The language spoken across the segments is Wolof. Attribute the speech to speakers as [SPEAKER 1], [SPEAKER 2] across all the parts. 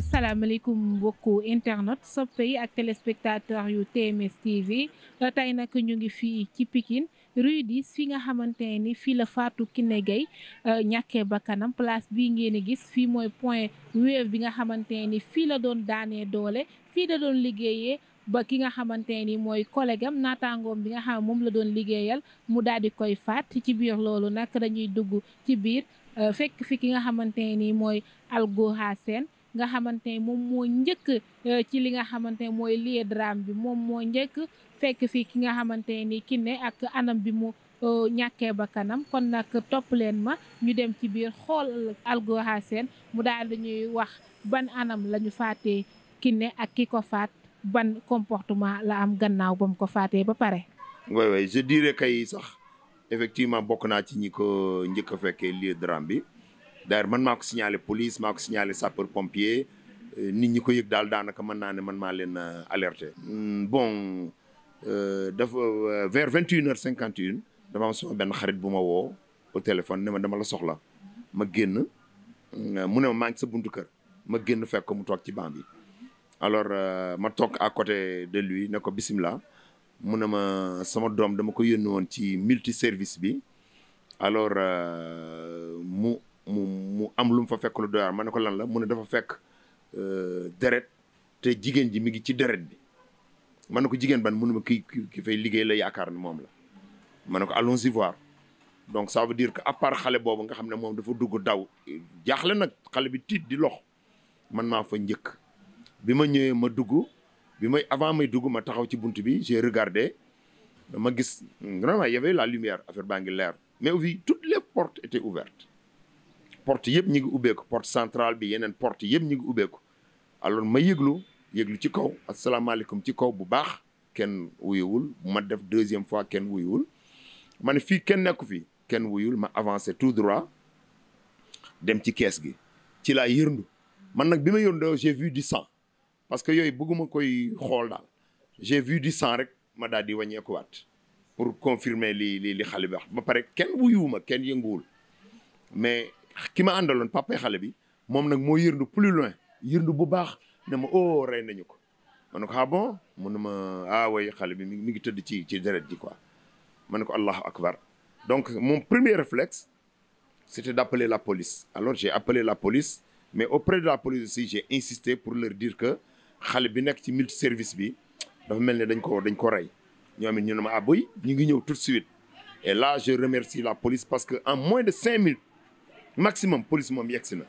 [SPEAKER 1] salaamaaleykum mbokku internet soppe yi ak téléspectateur yu TMS TV tey nag ñu ngi fii ci pikin rue 10 fi nga xamante ni fii la Fatou Kiné Gaye euh, ñàkkee bakkanam place bii ngeen di gis fii mooy point Wave bi nga xamante ni fii la doon daanee doole fii la doon liggéeyee ba ki nga xamante ni mooy collègue am naataangoom bi nga xam moom la doon liggéeyal mu daal di koy faat ci biir loolu nag dañuy dugg ci biir euh, fekk fi ki nga xamante ni mooy Algoha Sène nga xamante ne moom moo njëkk euh, ci li nga xamante ne mooy lieu drame bi moom moo njëkk fekk fii ki nga xamante ni nii Kiné ak anam bi mu euh, ñàkkee ba kanam kon nag topp leen ma ñu dem ci biir xool Algo Hassane mu daal dañuy wax ban anam lañu ñu faatee Kiné ak ki ko faat ban comportement la am gannaaw ba mu ko faatee ba pare. oui oui je dirais kay sax effectivement bokk naa ci ñi ko njëkk a fekkee lieu drame bi. d'ailleurs man maa ko signalé police maa ko signalé sapeur pompier euh, nit ñi ko yëg daal daanaka mën naa ne man maa leen euh, alerte hmm, bon euh, dafa vers vingt et une heures cinquante une dama am sama benn xarit bu ma woo au téléphone ne ma dama la soxla ma génn mu ne ma maa sa buntu kër ma génn fekk ko mu toog ci banc bi alors ma toog à côté de lui ne ko bisimilah mu ne ma sama doom dama ko yónni woon ci multi service bi alors mu mu mu am lu mu fa fekk lu doy waar ne ko lan la mu dafa fekk euh, deret te jigéen ji mi ngi ci deret bi ma ne ko jigéen ban mu ki ki fay liggéey la yaakaar ne moom la ma ne ko allons y voir donc ça veut dire que à part xale boobu nga xam ne moom dafa dugg daw jaaxle nag xale bi tiit di lox man maa fa njëkk bi ma ñëwee ma dugg bi may avant may duggu ma taxaw ci bunt bi j'ai regardé ma gis vraiment y avait la lumière affaire baa ngi leer mais aussi toutes les portes étaient ouvertes porte yëpp ñi ngi ubbeeku porte centrale bi yeneen porte yëpp ñi ngi ubbeeku alors ma yëglu yëglu ci kaw asalaamaaleykum ci kaw bu baax kenn wuyuwul ma def deuxième fois kenn wuyuwul ma ne fii kenn nekku fi kenn wuyul ma avancé tout droit dem ci kees gi ci laa yërndu man nag bi ma yërndoo j'ai vu di sang parce que yooyu bëgguma koy xool daal j'ai vu di sang rek ma daal di wàññeekuwaat pour confirmer li li li xale ba pare kenn wuyuwuma kenn yënguwul mais ki ma àndaloon papa xale bi moom nag moo yërndu plus loin yërndu bu baax ne ma oh rey nañu ko ma nu ko ah bon mu ne ma ah way xale bi mi ngi tëdd ci ci deret ji quoi ma ne ko allahu akbar donc mon premier réflexe c'était d'appeler la police alors j'ai appelé la police mais auprès de la police aussi j'ai insisté pour leur dire que xale bi nekk ci multi service bi dafa mel ni dañ ko dañ ko rey ñoo it ñu ne ma ah ñu ngi ñëw tout de suite et là je remercie parce que en moins de cinq minutes maximum police moom yegg si na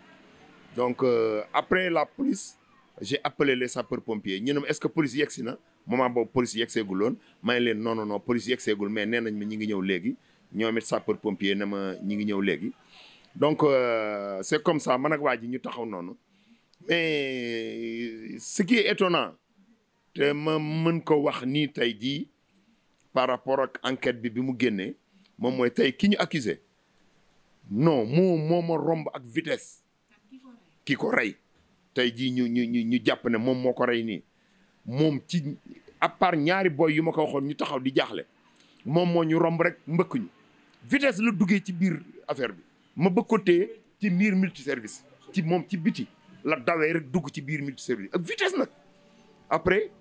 [SPEAKER 1] donc euh, après la police j'ai appelé les sapeurs pompiers ñu ne ma est-ce que police yegg si na moment boobu police yegg seegul woon ma leen non non non police yegg seegul mais nee nañ ma ñi ngi ñëw léegi ñoom it sapeur pompier na ma ñu ngi ñëw léegi donc euh, c'est comme ça man ak waa ji ñu taxaw noonu mais ce qui est te ma mën ko wax nii tey jii par rapport ak enquête bi bi mu génnee moom mooy tey ki ñu accusé non moo moo ma romb ak vitesse ki ko rey tey jii ñu ñu ñu jàpp ne moom moo ko rey nii moom ci à part ñaari boy yu ma ko waxoon ñu taxaw di jaaxle moom moo ñu romb rek mbëkk ñu vitesse la duggee ci biir affaire bi ma bëgg ci biir multi service ci moom ci biti la dawee rek dugg ci biir multi service ak vitesse nag après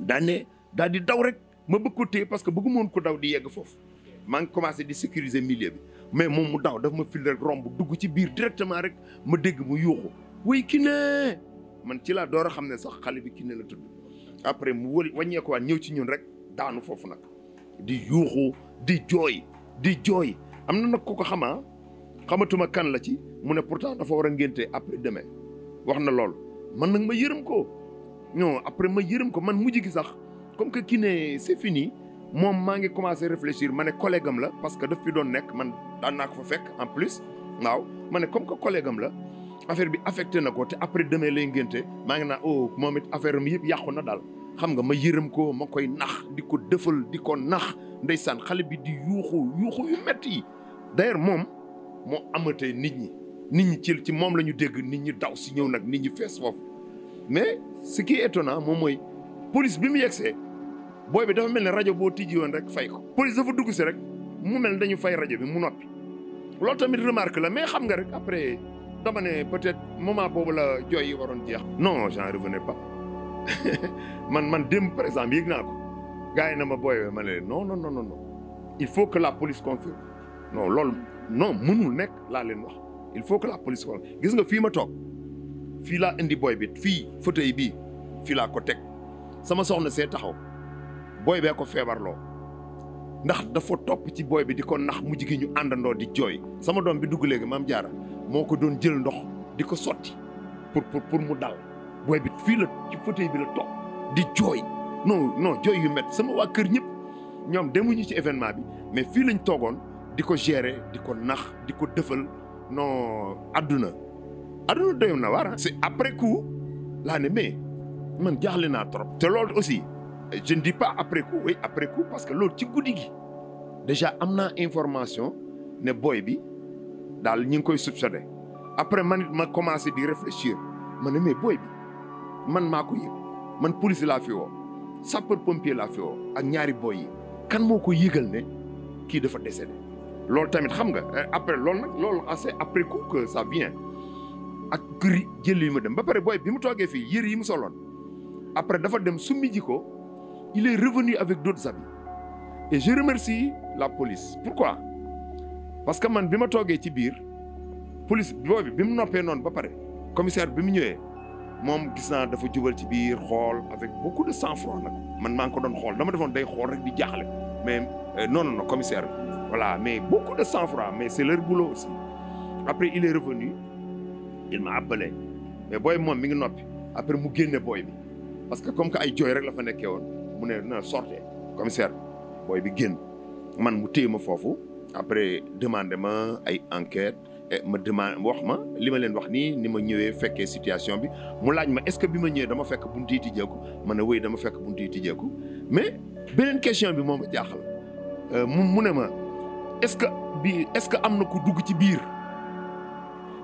[SPEAKER 1] daan ne daal di daw rek ma bëgg parce que bëggu moon ku daw di yegg foofu maa ngi commencé di sécuriser milieu bi mais moom mu daw daf ma fil rek romb dugg ci biir directement rek ma dégg mu yuuxu wuy Kiné man ci laa door a xam ne sax xale bi Kiné la tudd après mu wël wàññeekuwaat ñëw ci ñun rek daanu foofu nag di yuuxu di jooy di jooy am na nag ku ko xamaa ah, xamatuma kan la ci mu ne pourtant dafa war a ngénte après demain wax na lool man nag ma yërëm ko ñoo après ma yërëm ko man mujj gi sax comme que Kiné c'est fini moom maa ngi commencé réfléchir ma ne collègue la parce que daf fi doon nekk man daan naa ko fa fekk en plus waaw ma ne comme que collègue am la affaire bi affecté na ko te après demee lay ngénte maa ngi naa oh moom it affaire am yëpp yàqu na daal xam nga ma yërëm ko ma koy nax di ko dëfal di ko nax ndeysaan xale bi di yuuxu yuuxu yu métti yi moom moo amatee nit ñi nit ñi cil ci moom la ñu dégg nit ñi daw si ñëw nag nit ñi fees foofu mais ce qui est moom mooy police bi mu yegsee booy bi dafa mel ne rajo boo tijji woon rek fay ko police dafa dugg si rek mu mel ne dañu fay rajo bi mu noppi loolu tamit remarque la mais xam nga rek après dama ne peut-être moment boobu la jooy yi waroon jeex. non j'en revenais pa man man démb par exemple yëg naa ko gars yi na ma booyee ma ne non non non non il faut que la police confirme non loolu non mënul nekk laa leen wax il faut que la police confirme gis nga fii ma toog fii laa indi booy bi fii fauteuil bii fii laa ko teg sama soxna see taxaw. booy bee ko feebarloo ndax dafa topp ci booy bi di ko nax mu gi ñu àndandoo di jooy sama doom bi dugg léegi maam jaara moo ko doon jël ndox di ko sotti pour pour pour mu dal booy bi fii la ci fauteuil bi la toog di jooy non non jooy yu met sama waa kër ñëpp ñoom demuñu ci événement bi mais fii lañ toogoon di ko gérer di ko nax di ko dëfal noo àdduna àdduna doyum na waar ah. c'est après coup laa ne mais man jaaxle naa trop te loolu aussi je ne dis pas après coup oui après coup parce loolu ci guddi gi déjà am naa information ne booy bi daal ñu ngi koy soupçonné après man it ma commencé di réfléchir ma ne mais booy man maako yëg man police laa fi woo sapeur pompier laa fi woo ak ñaari booy yi kan moo ko yëgal ne kii dafa décédé loolu tamit xam nga eh, après loolu nag loolu c'est après coup que ça vient ak kër jël yi ma dem ba pare booy bi mu toogee fii yër yi mu soloon après dafa dem summi ko il est revenu avec dot habits et je remercie la police pourquoi parce que man bi ma toogee ci biir police boobu bi mu noppee noonu ba pare commissaire bi mu ñëwee moom gis naa dafa jubal ci biir xool avec beaucoup de sang-froid nag man maa ngi ko doon xool dama defoon day xool rek di jaaxle mais euh, non non non commissaire mais beaucoup de sang-froid mais c'est leur boulot après il est revenu il m'a appelé mais booy moom mi ngi noppi après mu génne booy bi parce que comme que ay jooy la fa nekkee woon mu ne na sortez commissaire booy bi génn man mu téye ma foofu après demandé ay enquête ma demande wax ma li ma leen wax nii ni ma ñëwee fekkee situation bi mu laaj ma est-ce que bi ma ñëwee dama fekk buntu yi tijjeeku ma ne wéy dama fekk buntu yi tijjeeku mais beneen question bi moom a jaaxal euh, mu mu ne ma est-ce que bi est-ce que am na ku dugg ci biir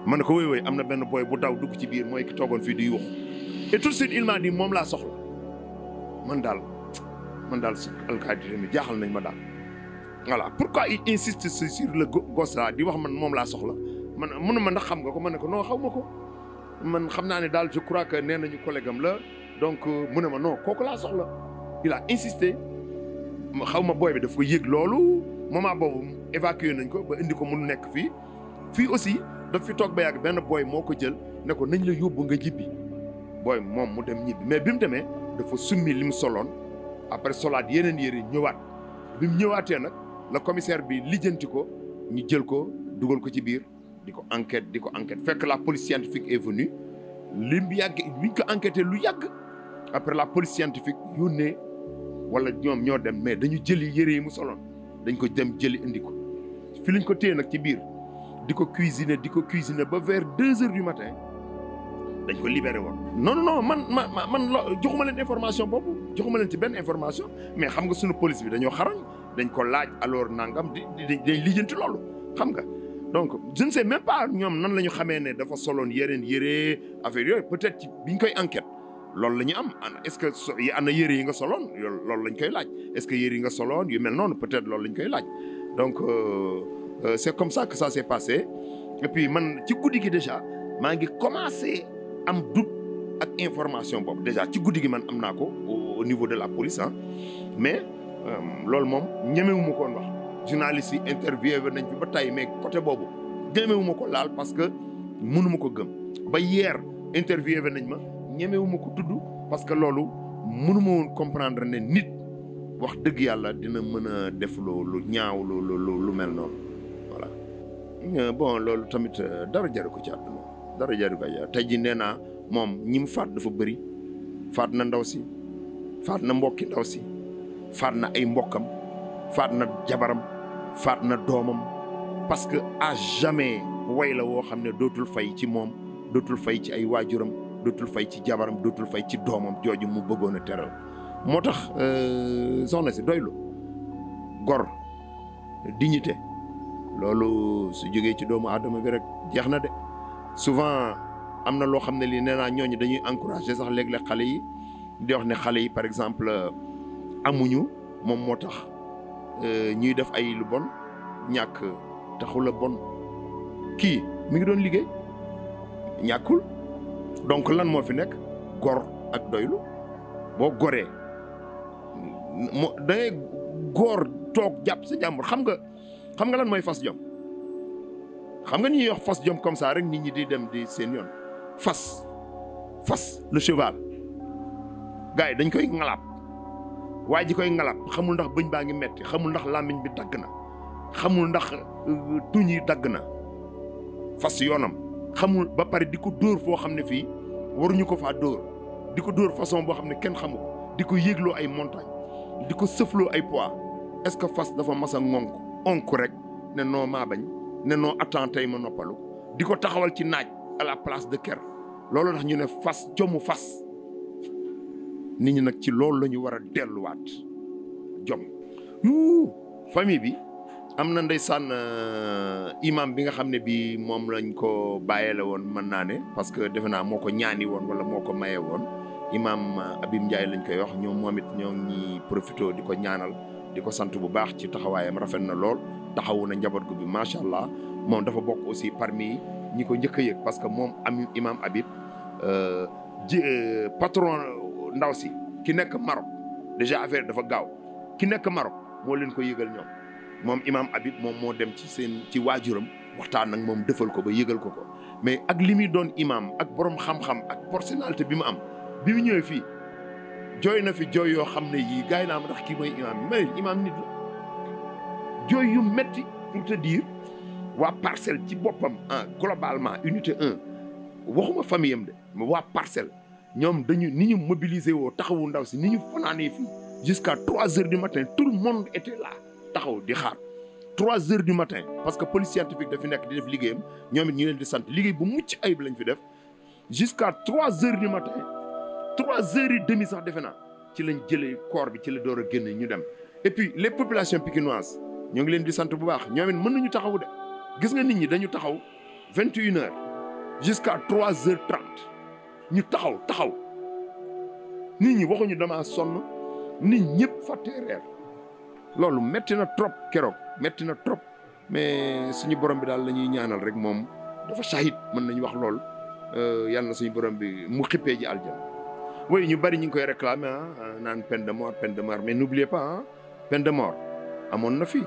[SPEAKER 1] ma ne ko wéy wéy am na benn booy bu daw dugg ci biir mooy ki toogoon fii di yuux et tout de suite il moom laa soxla man daal. man daal alkaati tamit jaaxal nañ ma daal voilà pourquoi il insiste sur le gosse là di wax man moom laa soxla man mënu ma ndax xam nga ko ma ne ko non xaw ma ko man xam naa ne daal je crois que nee nañu collègue am la donc euh, mu ne ma non kooku laa soxla il a insisté xaw ma booy bi daf ko loolu moment boobu évacué nañ ko ba indi ko mun nekk fii fii aussi daf fi toog ba yàgg benn booy moo ko jël ne ko nañ la yóbbu nga jibbi booy moom mu dem ñibbi mais bi mu demee dafa summi li mu soloon après solaat yeneen yére ñëwaat bi mu ñëwaatee nag la commissaire bi lijjanti ko ñu jël ko dugal ko ci biir di ko enquête di ko enquête fekk la police scientifique est venue bi yàgg bi ñu ko enquêté lu yàgg après la police scientifique yónnee wala ñoom ñoo dem mais dañu jëli yére yi mu soloon dañ ko dem jëli indi ko fi lañ ko téye nag ci biir di ko cuisiner di ko cuisiner ba vers deux heures du matin dañ ko libéré woon non non man ma man lo joxuma leen information boobu joxuma leen ci benn information mais xam nga suñu police bi dañoo xaral dañ ko laaj alors nangam di di day lijjanti loolu xam nga. donc je ne sais même ñoom nan la ñu xamee ne dafa soloon yeneen yére affaire yooyu peut-être ci biñ koy enquête loolu la ñu am ana est-ce que so ana yére yi nga soloon loolu lañ koy laaj est-ce yére yi nga soloon yu mel noonu peut-être loolu lañ koy laaj donc euh, euh c'est comme ça que ça s'est passé et man ci guddi gi déjà maa ngi commencer am doute. ak information boobu déjà ci guddi gi man am na ko au niveau de la police ah mais euh, loolu moom ñemewuma koon wax journaliste yi interviewé nañ fi ba tey mais côté boobu ñemewuma ko laal parce que mënuma ko gëm ba yeer interviewé nañ ma ñemewuma ko tudd parce que loolu mënuma woon comprendre ne nit wax dëgg yàlla dina mën a def lu lu ñaaw lu lu lu mel noonu euh, bon loolu tamit euh, dara jaru ko ci àdduna dara jaru ko tey ji nee moom ñi mu faat dafa bëri faat na ndaw si faat na mbokki ndaw si faat na ay mbokkam faat na jabaram faat na doomam parce que à jamais way la woo xam ne dootul fay ci moom dootul fay ci ay waajuram dootul fay ci jabaram dootul fay ci doomam jooju mu bëggoon a teral moo tax euh, soxna si doylu gor dignité loolu su jógee ci doomu aadama bi rek jeex na de souvent am na loo xam ne lii nee naa ñooñu dañuy encourager sax léeg-léeg xale yi di wax ne xale yi par exemple euh, amuñu moom moo tax euh, ñuy def ay lu bon ñàkk taxul bon kii mi ngi doon liggéey ñàkkul donc lan moo fi nekk gor ak doylu boo goree moo da ngay góor toog jàpp sa jàmbur xam nga xam nga lan mooy fas jom xam nga ñuy wax fas jom comme ça rek nit ñi di dem di seen yoon fas fas le cheval gars yi dañ koy ngalaab waaye ji koy ngalaab xamul ndax bëñ baa ngi metti xamul ndax làmmiñ bi dagg na xamul ndax euh, tuñ yi dagg na fas yoonam xamul ba pare di ko dóor foo xam ne fii waruñu ko faa dóor di ko dóor façon boo xam ne kenn xamu ko di ko yéegloo ay montagne di ko sëfloo ay poids est-ce que fas dafa masa a ŋonk onk rek ne noo maa ne noo attan tey ma noppalu di ko taxawal ci naaj à la place de ker loolu tax ñu ne fas jomu fas nit ñi nag ci loolu la ñu war a delluwaat jom yu famille bi am na ndey ndeysaan euh, imam bi nga xam ne bi moom lañ ko bàyyele woon mën naa ne parce que defe naa moo ko ñaani woon wala moo ko mayee woon imam euh, Abim Ndiaye lañ koy wax ñoom moom it ñoo ngi profité di ko ñaanal di ko sant bu baax ci taxawaayam rafet na lool taxawu na njaboot gu bi macha allah moom dafa bokk aussi parmi ñi ko njëkk a yëg parce que moom am imam Habib euh, ji euh, patron ndaw si ki nekk Maroc déjà affaire dafa gaaw ki nekk Maroc moo leen ko yëgal ñoom moom imam Habib moom moo dem ci seen ci waajuram waxtaan ak moom defal ko ba yëgal ko ko mais ak li muy doon imam ak borom xam-xam ak personnalité bi mu am bi mu ñëwee fii jooy na fi jooy yoo xam ne yii gars yi naa ma ndax kii mooy imam bi mais imam nit la jooy yu metti pour te waa parcelle ci boppam ah globalement unité 1 waxuma famille de mais waa parcelle ñoom dañu ni ñu mobiliser woo taxawu ndaw si ni ñu fanaanee fii jusqu'à trois heures du matin tout le monde était là taxaw di xaar trois heures du matin parce que police scientifique dafi nekk di def liggéeyam ñoom it ñu leen di sant liggéey bu mucc ayib lañ fi def jusqu'à trois heures du matin trois heures et demie sax defe naa ci lañ jëlee corps bi ci la door a génne ñu dem et puis les populations pikinoises ñoo ngi leen di sant bu baax ñoom mën nañu taxawu de gis nga nit ñi dañu taxaw vingt et une heures trois heures trente ñu taxaw taxaw nit ñi waxuñu dama sonn nit ñëpp fàttee reer loolu metti na trop keroog metti na trop mais suñu borom bi daal la ñuy ñaanal rek moom dafa shahid mën nañu wax loolu euh, yàlla na suñu borom bi mu xippee ji aljana woy ñu bari ñu ngi koy réclamer ah naan pen de mort pen de mort mais n'oubliez pas ah peine de mort amoon na fii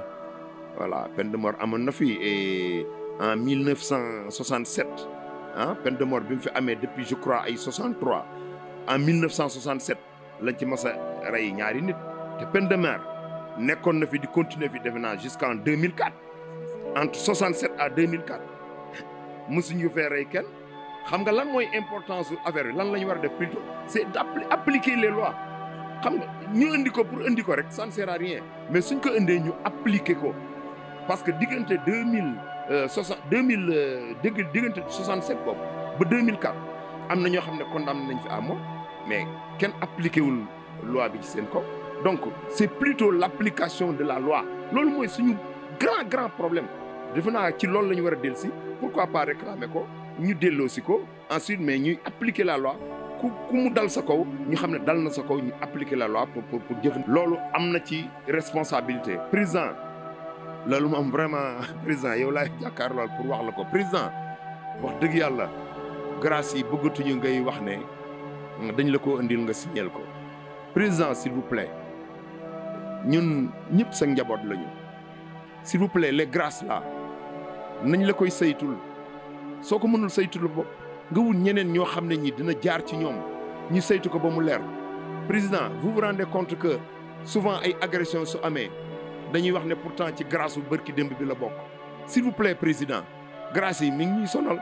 [SPEAKER 1] voilà peine de mort amoon na fi et en 1967 ah peine de mort bi mu fi amee depuis je crois ay 63 en 1967 lañ ci mas a rey ñaari nit te peine de mort nekkoon na fi di continuer fi defe naa jusqu'en 2004 entre 67 à 2004 mosuñu fee rey kenn xam nga lan mooy importance su affaire lan la ñu war a def plutôt c'est d'appliquer les lois xam nga ñu indi ko pour indi ko rek ça ne rien mais suñ ko indee ñu appliquer ko. parce que diggante deux mille euh, soixante deux mille euh, dëgg diggante soixante sept boobu ba deux mille quatre am na ñoo xam ne condamné nañ fi à mort mais kenn appliqué wul loi bi ci seen ko donc c' est plutôt l' de la loi loolu mooy suñu grand grand problème defe naa ci loolu la ñu war a dellusi pourquoi pas réclamer ko ñu delloosi ko ensuite mais ñu appliquer la loi ku ku mu dal sa kow ñu xam ne dal na sa kaw ñu appliquer la loi pour pour pour jëf loolu am na ci responsabilité président loolu moom vraiment président yow laay jàkkaar wax la ko président wax dëgg yàlla grâce yi bëggatuñu ngay wax ne dañ la ko indil nga signal ko président s'il vous ñun ñëpp sa njaboot lañu s'il vous plaît les grâces là nañ la koy saytul soo ko mënul saytul bopp nga wut ñeneen ñoo xam ne ñi dina jaar ci ñoom ñu saytu ko ba mu leer président vous vous rendez compte que souvent ay agressions su amee dañuy wax ne pourtant ci grâce bu bërki démb bi la bokk s'il vous plaît président grâce yi mi ngi ñuy sonal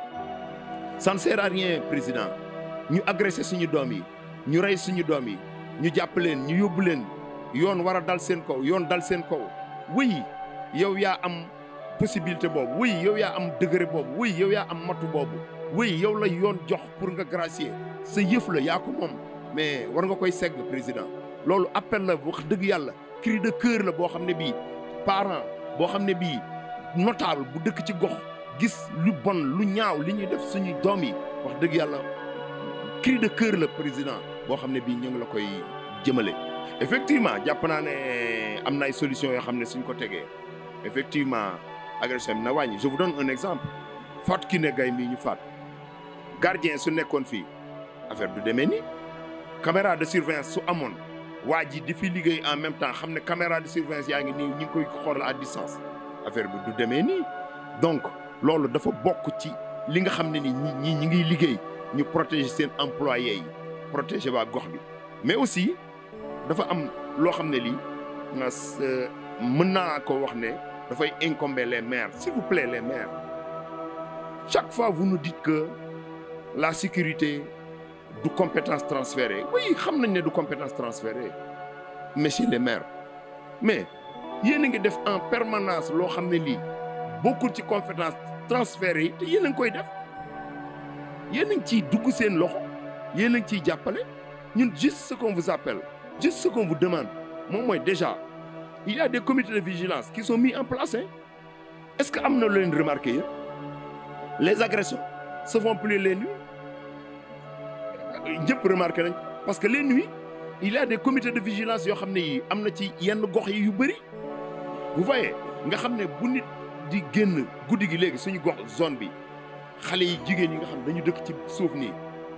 [SPEAKER 1] ça ne sert à président ñu agressé suñu doom yi ñu rey suñu doom yi ñu jàpp leen ñu yóbbu leen yoon war a dal seen ko yoon dal seen ko wéy yow yaa am possibilité boobu wéy yow yaa am degré boobu wéy yow yaa am matu boobu wéy yow la yoon jox pour nga gracier sa yëf la yaa moom mais war nga koy segg président loolu appel la wax dëgg yàlla cri de cœur la boo xam ne bii parent boo xam ne bii notable bu dëkk ci gox gis lu bon lu ñaaw li ñuy def suñu doom yi wax dëgg yàlla cri de cœur la président boo xam ne bii ñu ngi la koy jëmale. effectivement jàpp naa ne am na ay solution yoo xam ne suñ ko tegee effectivement agression na wàññi je vous un exemple faat ki ne gay mii ñu faat gardien su nekkoon fii affaire du demee nii caméra de surveillance su amoon. waa ji di fi liggéey en même temps xam ne caméra de surveillance yaa ngi nii ñu ngi koy xool à distance affaire bi du demee nii donc loolu dafa bokk ci li nga xam ne ni ñi ñi ngiy liggéey ñu protéger seen employé yi protéger waa gox bi mais aussi dafa am loo xam ne lii euh, mën naa ko wax ne dafay incomber les maire si vous plaît les maires chaque fois bu nous dites que la sécurité du compétence transférée oui xam nañ ne du compétence transférée monsieur le maire mais yéen a ngi def en permanence loo xam ne lii bokkul ci compétence transférée yi te yéen a ngi koy def yéen a ngi ciy dugg seen loxo yéen a ngi ciy jàppale ñun juste ce qu'on vous appelle juste ce qu'on vous demande moom mooy déjà il des comités de vigilance kii sont mii en place hein est-ce que am na lu leen remarqué yéen les agressions se font plus ñëpp remarqué nañ parce que les nuits il y a des comités de vigilance yoo xam ne yii am na ci yenn gox yi yu bëri vous voyez nga xam ne bu nit di génn guddi gi léegi suñu gox zone bi xale yi jigéen yi nga xam dañu dëkk ci suuf nii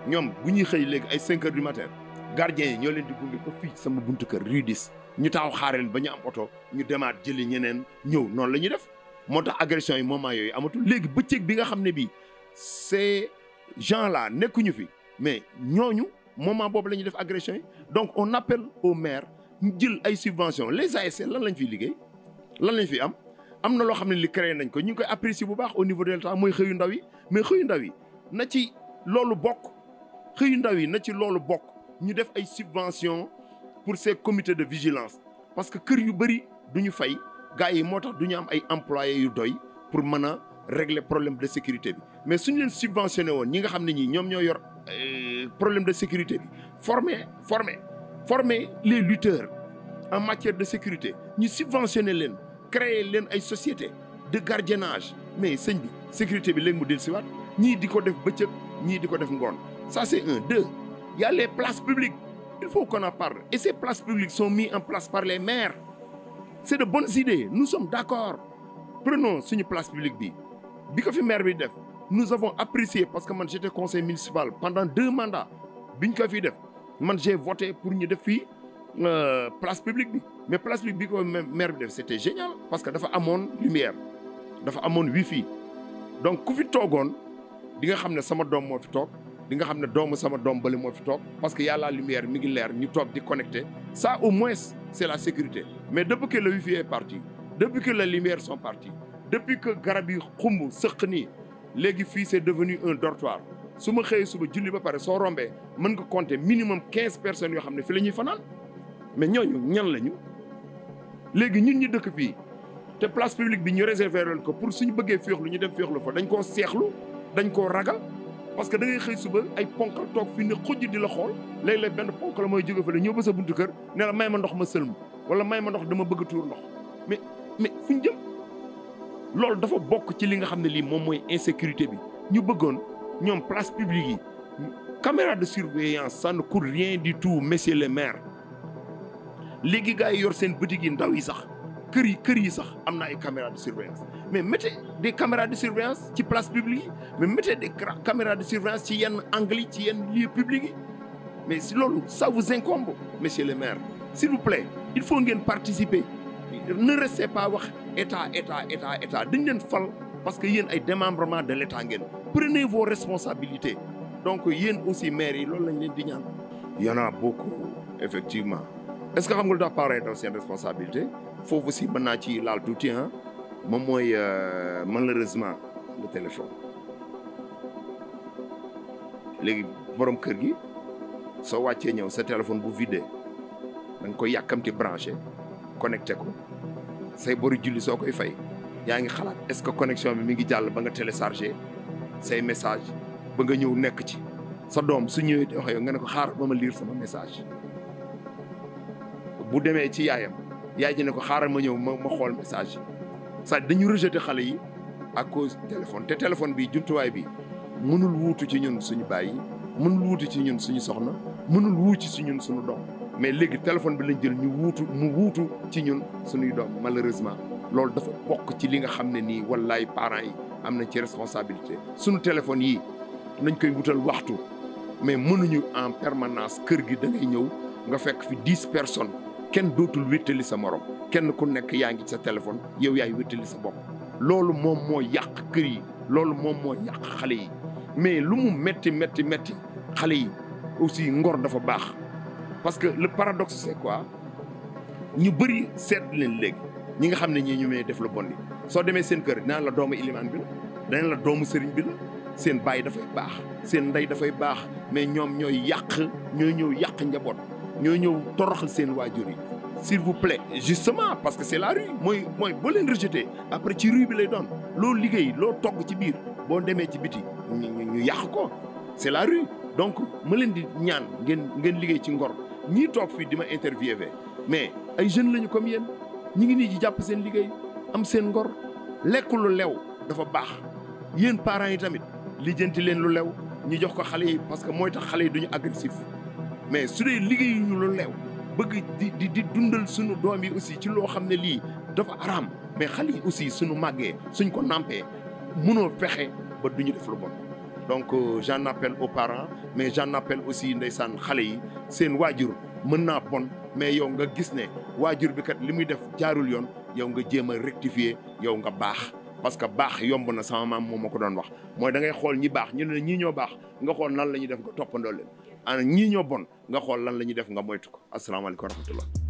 [SPEAKER 1] ñoom bu ñuy xëy léegi ay 5 heures du matin gardien yi ñoo leen di gunge ko fii sama buntu kër rue 10 ñu taxaw xaareel ba ñu am oto ñu demaat jëli ñeneen ñëw noonu la ñuy def moo tax agression yi moment yooyu amatul léegi bëccëg bi nga xam ne bii ces gens nekkuñu fi mais ñooñu moment boobu la ñuy def agression yi donc on appelle au maire ñu jël ay subventions les ASC lan lañ fiy liggéey lan lañ fi am am na loo xam ne li créé nañ ko ñu ngi koy apprécier bu baax au niveau de l'État mooy xëyu ndaw yi mais xëyu ndaw yi na ci loolu bokk xëyu ndaw yi na ci loolu bokk ñu def ay subventions pour ces comités de vigilance parce que kër yu bëri du ñu fay gars yi moo tax du ñu am ay employés yu doy pour mën a régler problème de sécurité bi mais suñu leen subventionné woon ñi nga xam ne ñi ñoom ñoo yor. Euh, problème de sécurité bi former former former les lutteurs en matière de sécurité ñu subventionner leen créer leen ay société de gardiennage mais sëñ bi sécurité bi léegi mu del siwaat ñii di ko def bëccëg ñii di ko def ngoon ça c'est un deux il y a les places publiques il faut qu'on en parle et ces places publiques sont mises en place par les maires c'est de bonnes idées nous sommes d'accord prenons suñu place publique bi bi ko fi maire bi def nous avons apprécié parce que man j'étais conseil municipal pendant deux bi biñ ko fii def man j'ai voté pour ñu def fii euh, place publique bi mais place publique bi ko maire bi def c'était génial parce que dafa amoon lumière dafa amoon wifi donc ku fi toogoon di nga xam ne sama doom moo fi toog di nga xam ne doomu sama doom bale moo fi toog parce que yàlla lumière mi ngi leer ñu toog di connecté ça au mois c'est la sécurité mais depuis que le wifi est parti depuis que les lumières sont depuis que garab yi xumb sëq nii léegi fii c'est devenu un dortoir su ma xëyee suba julli ba pare soo rombee mën nga compter minimum quinze personnes yoo xam ne fi la ñuy fanaan mais ñooñu ñan lañu léegi ñun ñu dëkk fii te place publique bi ñu réservé leen ko pour suñu bëggee féexlu ñu dem féexlu fa dañ koo seexlu dañ koo ragal parce que da ngay xëy suba ay ponkal toog fii ne xujj di la xool léeg-léeg benn ponk la mooy jóge fa la ñëw ba sa buntu kër ne la may ma ndox ma sëlmu wala may ma ndox dama bëgg tuur ndox loolu dafa bokk ci li nga xam ne lii moom mooy insécurité bi ñu bëggoon ñoom place publique yi caméra de surveillance ça ne coûte rien du tout monsieur le maire léegi gars yi yor seen boutique yi yi sax kër yi kër yi sax am na ay caméra de surveillance mais mettez des caméras de surveillance ci place publique yi mais mettez des caméras de surveillance ci yenn angle yi ci yenn lieu public yi mais si loolu ça vous incombe le maire s'il vous il faut ngeen participer ne restez pas wax état état état état dañ leen fal parce que yéen ay démembrement de l'état ngeen prenez vos responsabilités donc yéen aussi maires yi loolu lañ leen di ñaan y en a beaucoup effectivement est-ce que xam nga lu tax parents yi seen responsabilité foofu si mën naa ci laal tuuti ah moom mooy euh, malheureusement le téléphone léegi borom kër gi soo wàccee ñëw sa téléphone bu vidé da nga koy yàkkamti branché connecté ko say boru julli soo koy fay yaa ngi xalaat est-ce que connexion bi mi ngi jàll ba nga téléchargé say message ba nga ñëw nekk ci sa doom su ñëwee di nga ne ko xaar ba ma liir sama message bu demee ci yaayam yaay ji ne ko xaaral ma ñëw ma ma xool message sa dañu rejeté xale yi à cause téléphone te téléphone bi jumtuwaay bi mënul wuutu ci ñun suñu baay yi mënul wuutu ci ñun suñu soxna mënul wuutu ci ñun suñu doom mais léegi téléphone bi lañ jël ñu wuutu mu wutu ci ñun suñuy doom malheureusement loolu dafa bokk ci li nga xam ne nii wallaay parent yi am nañ ci responsabilité suñu téléphone yi nañ koy wutal waxtu mais mënuñu en permanence kër gi da ñëw nga fekk fi dix personnes kenn dootul wéttali sa morom kenn ku nekk yaa ngi sa téléphone yow yaay wéttali sa bopp loolu moom moo yàq kër yi loolu moom moo yàq xale yi mais lu mu métti métti métti xale yi aussi ngor dafa baax parce que le paradox c'est quoi ñu bëri seet leen léegi ñi nga xam ne ñii ñu may def lu bon li soo demee seen kër dinaa la doomu ilimaan bi la danañ la doomu sëriñ bi la seen baay dafay baax seen ndey dafay baax mais ñoom ñooy yàq ñooy ñëw yàq njaboot ñoo ñëw toroxal seen waajur yi s'il vous plaît justement parce que c'est la rue mooy mooy boo après ci rue bi lay doon loo liggéey loo togg ci biir boo demee ci biti ñu ñu yàq ko c'est la rue donc ma leen di ñaan ngeen ngeen liggéey ci ngor ñii toog fii di ma interviewé mais ay jeunes lañu comme yéen ñi ngi nii di jàpp seen liggéey am seen ngor lekk lu lew dafa baax yéen parents yi tamit lijjanti leen lu lew ñu jox ko xale yi parce que mooy tax xale yi duñu agressif mais su dee liggéey lu lew bëgg di di di dundal suñu doom yi aussi ci loo xam ne lii dafa araam mais xale yi aussi suñu màggee suñ ko nàmpee mënoo fexe ba duñu def lu bon donc euh, j'en appelle aux parents mais j'en appelle aussi ndeysaan xale yi seen waajur mën naa bon mais yow nga gis ne waajur bi kat li muy def jaarul yoon yow nga jéem a rectifier yow nga baax parce que baax yomb na sama mam moom ma ko doon wax mooy da ngay xool ñi baax ñu ne ñii ñoo baax nga xool nan la ñuy def nga toppandoo leen ñii ñoo bon nga xool lan la ñuy def nga moytu ko asalaamaaleykum wa rahmatullah